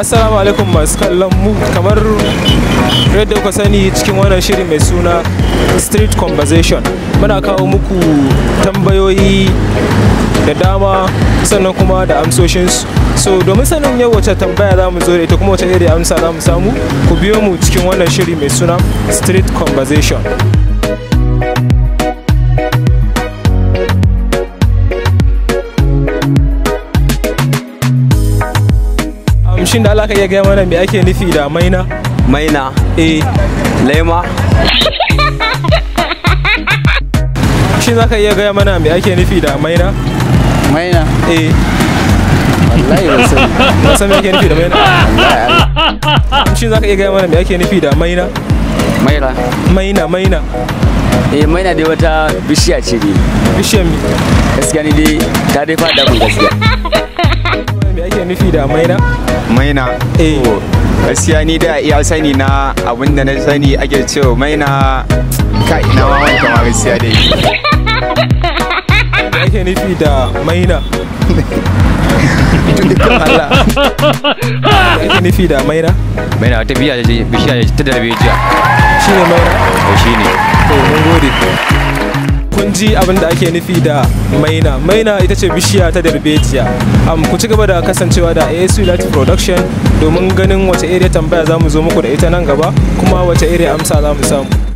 assalamu alaikum masu kallon mu kamar yadda kuka sani cikin wannan shiri mai suna street conversation muna kawo muku tambayoyi da dama sannan kuma da amsoshinsu so domin sanin yau wacce tambaya za mu zo da ita kuma wacce iri amsa za mu samu ku biyo mu cikin wannan shiri mai suna street conversation shin da Allah ka iya gaya mana me ake nufi da maina maina eh laima shin za ka iya gaya mana me ake nufi da maina maina eh wallahi ba san me ake nufi da maina wallahi shin za ka iya gaya mana me ake nufi da maina maina maina maina eh maina dai wata bishiya ce dai bishiyar mi gaskiya ni dai ta dai fada mun gaskiya nufi da maina? maina eh gaskiya ni da iya sani na abin da na sani ake cewa maina kai na wawan kama gaskiya dai da ake nufi da maina dukkan Allah ake nufi da maina maina ta biya da bishiya ta darbe jiya shi ne maina ji abin da ake nufi da maina maina ita ce bishiya ta darbetiya um, ku ci gaba da kasancewa da asu light production domin ganin wace area tambaya za mu zo muku da ita nan gaba kuma wace iri amsa za mu samu